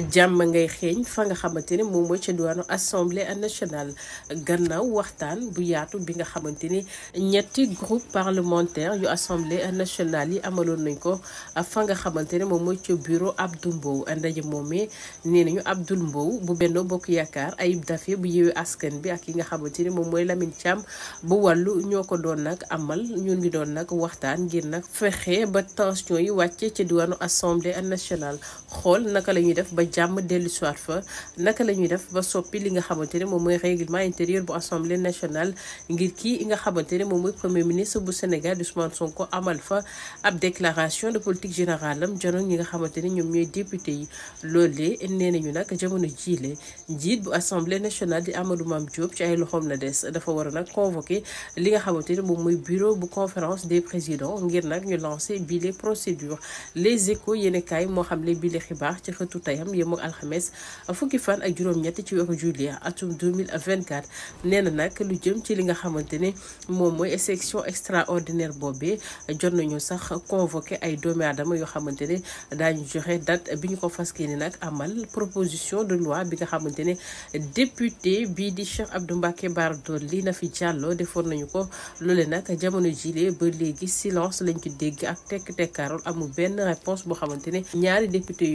jàmm ngay xeeñ fa nga xamante ne moom mooy ca diwaanu assemblée nationale gannaaw waxtaan bu yaatu bi nga xamante ni ñetti groupe parlementaire yu assemblée nationale yi amaloon nañ ko fa nga xamante ne moom mooy ca bureau Abdou Mbow ndaje moomee nee nañu Abdou Mbow bu benn bokk yaakaar ay Daffé bu yeewee askan bi ak yi nga xamante ni moom mooy lamin Thiam bu wàllu ñoo ko doon nag amal ñun ngi doon nag waxtaan ngir nag fexe ba tension yi wàcce ca diwaanu assemblée nationale xool jàmm dellu soir fa naka la def ba soppi li nga xamante ne moom mooy règlement intérieur bu assemblée nationale ngir kii nga xamante ne moom mooy de politique générale am janoon ñi nga xamante ne ñoom ñooy député yi loolee nee nañu nag jamono jiile njiit bu assemblée nationale di Amadou Mame Diop ci ay loxoom la des dafa war a nag convoqué li nga xamante ne moom mooy bureau bu conférence des présidents ngir nag ñu lancé bile procédure les échos yéen moo xam ne bile xibaar ci xëtu tayam yemook alxames fukki fan ak juróom-ñett ci weeru juillet atum 2024 nee na nag lu jëm ci li nga xamante ne moom mooy section extraordinaire boobee jot nañu sax convoqué ay doomi aadama yoo xamante ne daañu joxe date bi ñu ko faskee ni nag amal proposition de loi bi nga xamante ne député bii di Cheikh Abdou Mbacké Bara na fi Diallo defoon nañu ko loole nag jamono jile ba léegi silence lañ ko dégg ak tekk tekkaarool amul benn réponse boo xamante ñaari député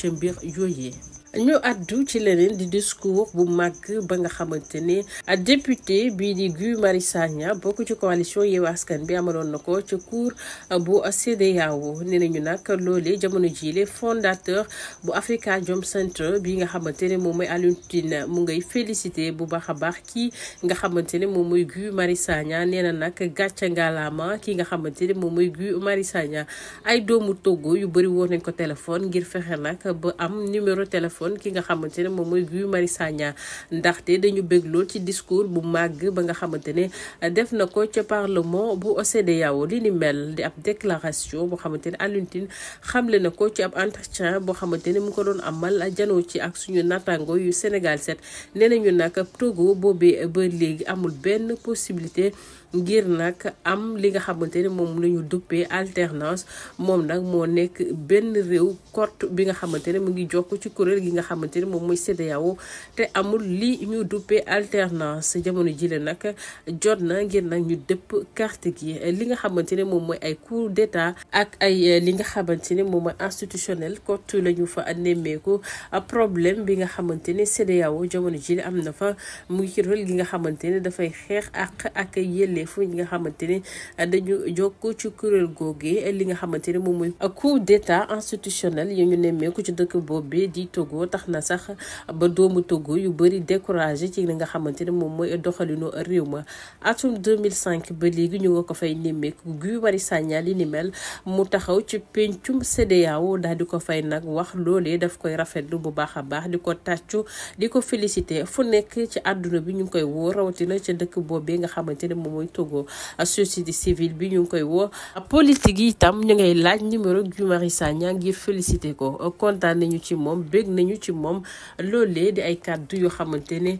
ca mbir yooyee ñu àddu ci leneen di discours bu màgg ba nga xamante ne député bii di Guy Marius Sagna bokk ci coalition Yewwi Askan bi amaloon na ko ci cour bu CEDEAO nee nañu nag loolee jamono jile fondateur bu Africa Jom Center bi nga xamante ne moom mooy Alioune Tine mu ngay félicité bu baax a baax kii nga xamante ne moom mooy Guy Marius Sagna nee na nag gàcce ngalaama ki nga xamante moom mooy Guy Marius Sagna ay doomu Togo yu bëri woon nañ ko téléphone ngir fexe nag ba am numéro téléphone. téléphone ki nga xamante ne moom mooy Guy Marius Sagna ndaxte dañu bëgg ci discours bu màgg ba nga xamante ne def na ko ca parlement bu CEDEAO li ni mel di ab déclaration boo xamante ne Alioune Tine na ko ci ab boo xamante ne mu ko doon amal janoo ci ak suñu natango yu Sénégal 7 nee nañu nag Togo boobee ba léegi amul benn possibilité ngir nag am li nga xamante ne moom la ñu duppee moom nag moo nekk benn réew kott bi nga xamante ne mu ngi jokk ci kuréel gi li nga xamante ni moom mooy CEDEAO te amul li ñu duppee alternance jamono jile nag jot na ngir nag ñu dëpp carte gi li nga xamante ne moom mooy ay coup d'état ak ay li nga xamante ne moom mooy institutionnel kott la ñu fa nemmeeku problème bi nga xamante ne CEDEAO jamono jile am na fa muy kuréel nga xamante ne dafay xeex ak ak yelleefu ñi nga xamante ne dañu jokk ci kuréel googu li nga xamante ne moom mooy dëkk boobu di Togo euro tax na sax ba doomu Togo yu bëri découragé ci li nga xamante ne moom mooy doxalinu réew ma atum 2005 ba léegi ñu nga ko fay nemmeeku Guy Marius Sagna li ni mel mu taxaw ci pencum CEDEAO daal di ko fay nag wax loolee daf koy rafetlu bu baax a baax di ko tàccu di ko félicité fu nekk ci àdduna bi ñu ngi koy woo rawatina ci dëkk boobee nga xamante ne moom mooy Togo société civile bi ñu koy woo politique yi itam ñu ngay laaj numéro Guy Marius Sagna ngir félicité ko nañu ci moom loolee di ay kàddu yoo xamante ne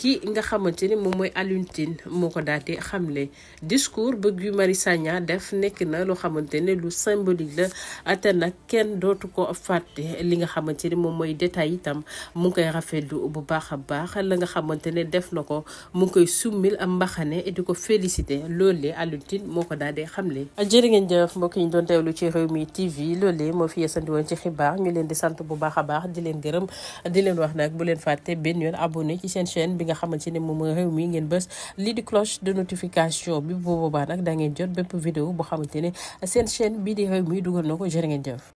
kii nga xamante ne moom mooy Alioune Tine moo ko daal di xamle discours ba Guy Marius def nekk na loo xamante ne lu symbolique la te nag kenn dootu ko fàtte li nga xamante ne moom mooy détail itam mu ngi koy rafetlu bu baax a baax la nga xamante ne def na ko mu ngi koy summil am mbaxane di ko félicité loolee Alioune moo ko daal di xamle. jërë ngeen jëf mbokk ñu doon teewlu ci Rewmi TV loolee moo fi yesandi woon ci xibaar ñu leen di sant bu baax a baax di leen gërëm. gërëm di leen wax nag bu leen fàtte benn yoon abonné ci seen chaîne bi nga xamante ne moom réew mi ngeen bës li di cloche de notification bi bu boobaa nag da ngeen jot bépp vidéo boo xamante ne seen chaîne bi di réew mi dugal na ko jërë ngeen jëf